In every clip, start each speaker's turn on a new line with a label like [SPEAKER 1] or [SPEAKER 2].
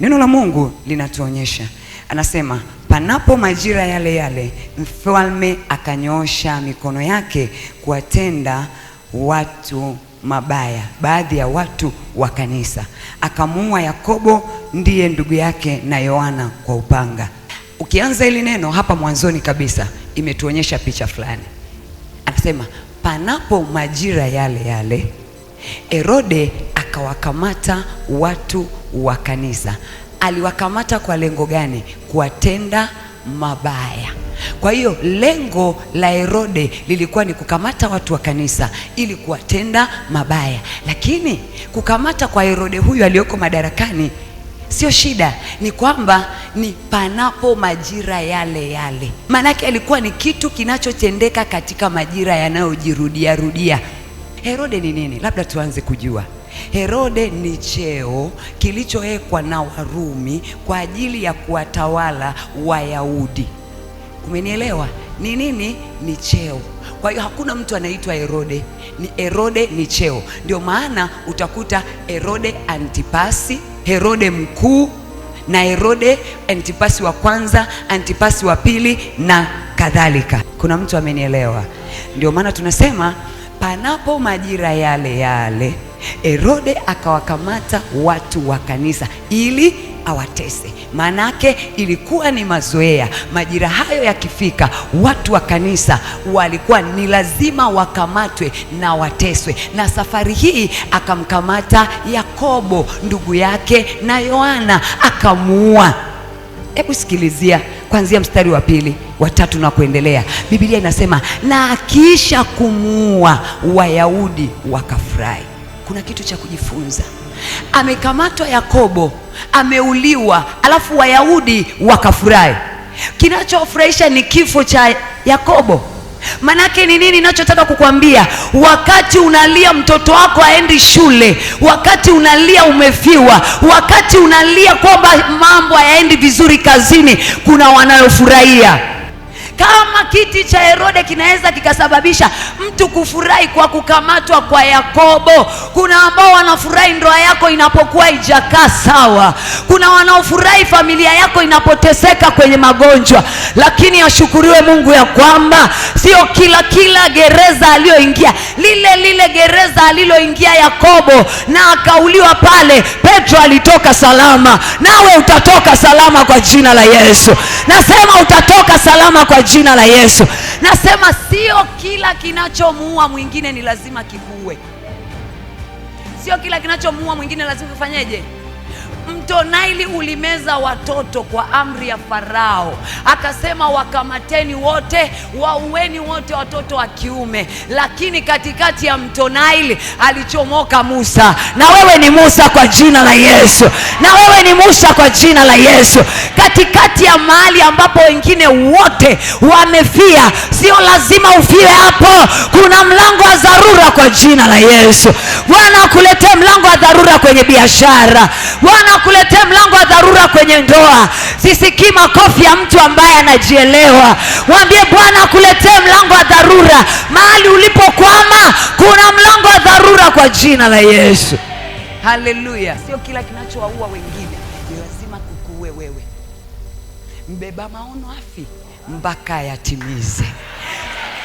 [SPEAKER 1] Neno la Mungu linatuonyesha, anasema panapo majira yale yale mfalme akanyoosha mikono yake kuwatenda watu mabaya, baadhi ya watu wa kanisa, akamuua Yakobo ndiye ndugu yake na Yohana kwa upanga. Ukianza hili neno hapa mwanzoni kabisa imetuonyesha picha fulani, anasema panapo majira yale yale Herode akawakamata watu wa kanisa. Aliwakamata kwa lengo gani? Kuwatenda mabaya. Kwa hiyo lengo la Herode lilikuwa ni kukamata watu wa kanisa ili kuwatenda mabaya, lakini kukamata kwa Herode huyu aliyoko madarakani sio shida, ni kwamba ni panapo majira yale yale. Maanake alikuwa ni kitu kinachotendeka katika majira yanayojirudia rudia. Herode ni nini? Labda tuanze kujua. Herode ni cheo kilichowekwa na Warumi kwa ajili ya kuwatawala Wayahudi. Umenielewa? Ni nini? Ni cheo. Kwa hiyo hakuna mtu anaitwa Herode, ni Herode ni cheo. Ndio maana utakuta Herode Antipasi, Herode mkuu na Herode Antipasi wa kwanza, Antipasi wa pili na kadhalika. Kuna mtu amenielewa? Ndio maana tunasema panapo majira yale yale Herode akawakamata watu wa kanisa ili awatese. Maanake ilikuwa ni mazoea, majira hayo yakifika, watu wa kanisa walikuwa ni lazima wakamatwe na wateswe. Na safari hii akamkamata Yakobo ndugu yake na Yohana akamuua. Hebu sikilizia kuanzia mstari wa pili wa tatu na kuendelea. Biblia inasema na akiisha kumuua Wayahudi wakafurahi kuna kitu cha kujifunza. Amekamatwa Yakobo, ameuliwa, alafu Wayahudi wakafurahi. Kinachofurahisha ni kifo cha Yakobo. Manake ni nini ninachotaka kukwambia? Wakati unalia mtoto wako aendi shule, wakati unalia umefiwa, wakati unalia kwamba mambo hayaendi vizuri kazini, kuna wanayofurahia kama kiti cha Herode kinaweza kikasababisha mtu kufurahi kwa kukamatwa kwa Yakobo, kuna ambao wanafurahi ndoa yako inapokuwa ijakaa sawa, kuna wanaofurahi familia yako inapoteseka kwenye magonjwa. Lakini ashukuriwe Mungu ya kwamba sio kila kila gereza aliyoingia lile lile gereza aliloingia Yakobo na akauliwa pale, Petro alitoka salama, nawe utatoka salama kwa jina la Yesu. Nasema utatoka salama kwa jina la Yesu. Nasema sio kila kinachomuua mwingine ni lazima kikuue, sio kila kinachomuua mwingine lazima kifanyeje? Mto Naili ulimeza watoto kwa amri ya Farao, akasema wakamateni wote, waueni wote watoto wa kiume, lakini katikati ya mto Naili alichomoka Musa. Na wewe ni Musa kwa jina la Yesu, na wewe ni Musa kwa jina la Yesu, katikati ya mahali ambapo wengine wote wamefia. Sio lazima ufie hapo, kuna mlango wa dharura kwa jina la Yesu. Bwana akuletee mlango wa dharura kwenye biashara Bwana akuletea mlango wa dharura kwenye ndoa. Sisikii makofi ya mtu ambaye anajielewa. Mwambie Bwana akuletee mlango wa dharura. Mahali ulipokwama kuna mlango wa dharura kwa jina la Yesu. Haleluya! Sio kila kinachowaua wengine ni lazima kukuue wewe. Mbeba maono afi mpaka yatimize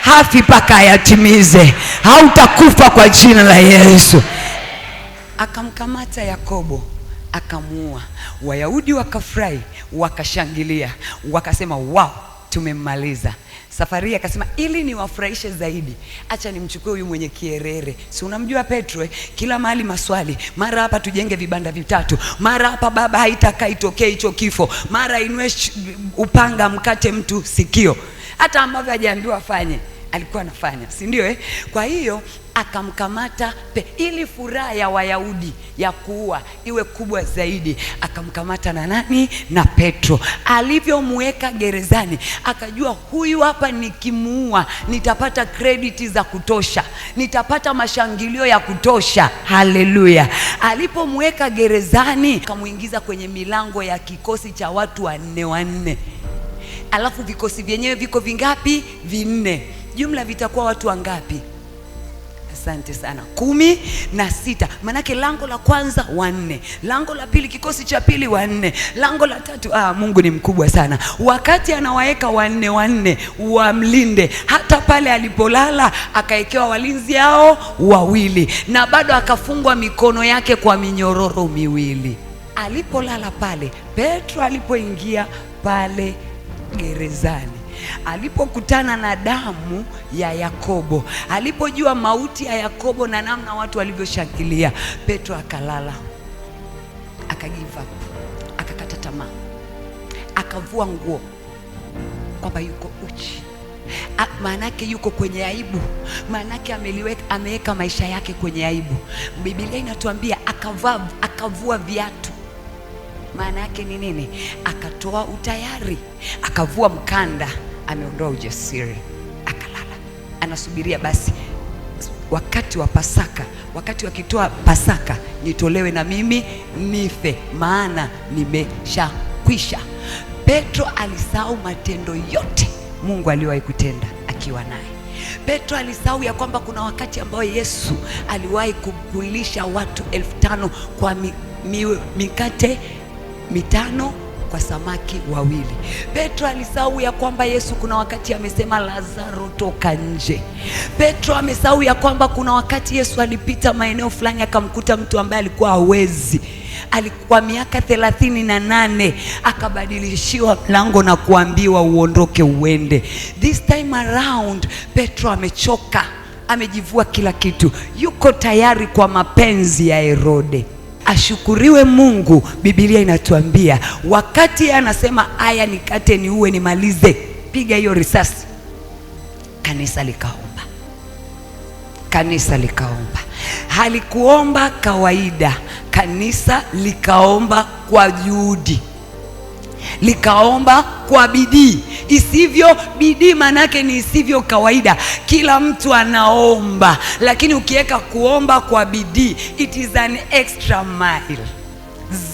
[SPEAKER 1] hafi mpaka ayatimize. Hautakufa kwa jina la Yesu. Akamkamata Yakobo akamuua. Wayahudi wakafurahi, wakashangilia, wakasema wow, tumemmaliza. Safari akasema ili niwafurahishe zaidi, acha nimchukue huyu mwenye kierere. Si unamjua Petro eh? Kila mahali maswali, mara hapa tujenge vibanda vitatu, mara hapa baba haitakaa itokee hicho kifo, mara inue upanga mkate mtu sikio, hata ambavyo hajaambiwa afanye alikuwa anafanya, si ndio eh? Kwa hiyo akamkamata pe, ili furaha ya Wayahudi ya kuua iwe kubwa zaidi, akamkamata na nani? Na Petro. Alivyomweka gerezani, akajua huyu hapa, nikimuua nitapata krediti za kutosha, nitapata mashangilio ya kutosha. Haleluya! Alipomweka gerezani, akamwingiza kwenye milango ya kikosi cha watu wanne wanne, alafu vikosi vyenyewe viko vingapi? Vinne. Jumla vitakuwa watu wangapi? Asante sana. Kumi na sita, manake lango la kwanza wanne, lango la pili, kikosi cha pili wanne, lango la tatu. Ah, Mungu ni mkubwa sana. Wakati anawaweka wanne wanne wamlinde, hata pale alipolala akawekewa walinzi hao wawili, na bado akafungwa mikono yake kwa minyororo miwili. Alipolala pale, Petro alipoingia pale gerezani alipokutana na damu ya Yakobo, alipojua mauti ya Yakobo na namna watu walivyoshangilia, Petro akalala, akagiva akakata tamaa, akavua nguo kwamba yuko uchi, maanake yuko kwenye aibu, maanake ameliweka, ameweka maisha yake kwenye aibu. Biblia inatuambia akavua, akavua viatu maana yake ni nini? Akatoa utayari, akavua mkanda ameondoa ujasiri, akalala, anasubiria basi wakati wa Pasaka, wakati wakitoa Pasaka, nitolewe na mimi nife, maana nimeshakwisha. Petro alisahau matendo yote Mungu aliyowahi kutenda akiwa naye. Petro alisahau ya kwamba kuna wakati ambao Yesu aliwahi kukulisha watu elfu tano kwa mi, mi, mikate mitano kwa samaki wawili. Petro alisahau ya kwamba Yesu kuna wakati amesema Lazaro toka nje. Petro amesahau ya kwamba kuna wakati Yesu alipita maeneo fulani akamkuta mtu ambaye alikuwa hawezi alikuwa miaka thelathini na nane akabadilishiwa mlango na kuambiwa uondoke uende. This time around Petro amechoka, amejivua kila kitu, yuko tayari kwa mapenzi ya Herode ashukuriwe Mungu. Biblia inatuambia wakati anasema haya, nikate, niue, nimalize, piga hiyo risasi, kanisa likaomba. Kanisa likaomba, halikuomba kawaida, kanisa likaomba kwa juhudi likaomba kwa bidii isivyo bidii maanake ni isivyo kawaida. Kila mtu anaomba, lakini ukiweka kuomba kwa bidii, it is an extra mile,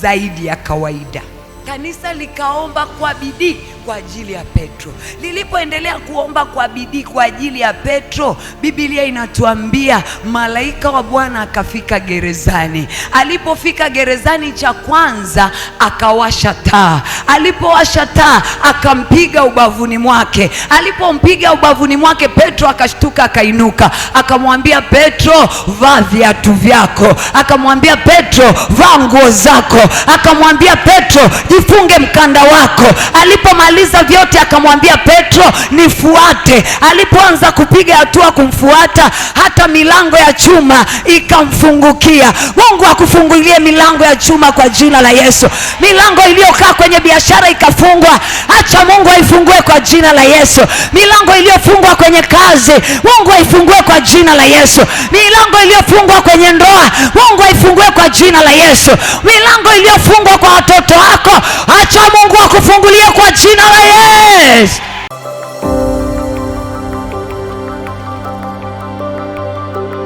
[SPEAKER 1] zaidi ya kawaida. Kanisa likaomba kwa bidii kwa ajili ya Petro. Lilipoendelea kuomba kwa bidii kwa ajili ya Petro, Biblia inatuambia malaika wa Bwana akafika gerezani. Alipofika gerezani, cha kwanza akawasha taa. Alipowasha taa, akampiga ubavuni mwake. Alipompiga ubavuni mwake, Petro akashtuka, akainuka, akamwambia Petro, vaa viatu vyako. Akamwambia Petro, vaa nguo zako. Akamwambia Petro, jifunge mkanda wako. Alipomaliza Akamaliza vyote akamwambia Petro, nifuate. Alipoanza kupiga hatua kumfuata, hata milango ya chuma ikamfungukia. Mungu akufungulie milango ya chuma kwa jina la Yesu. Milango iliyokaa kwenye biashara ikafungwa, acha Mungu aifungue kwa jina la Yesu. Milango iliyofungwa kwenye kazi, Mungu aifungue kwa jina la Yesu. Milango iliyofungwa kwenye ndoa, Mungu aifungue kwa jina la Yesu. Milango iliyofungwa kwa watoto wako, acha Mungu akufungulie kwa jina Ela é!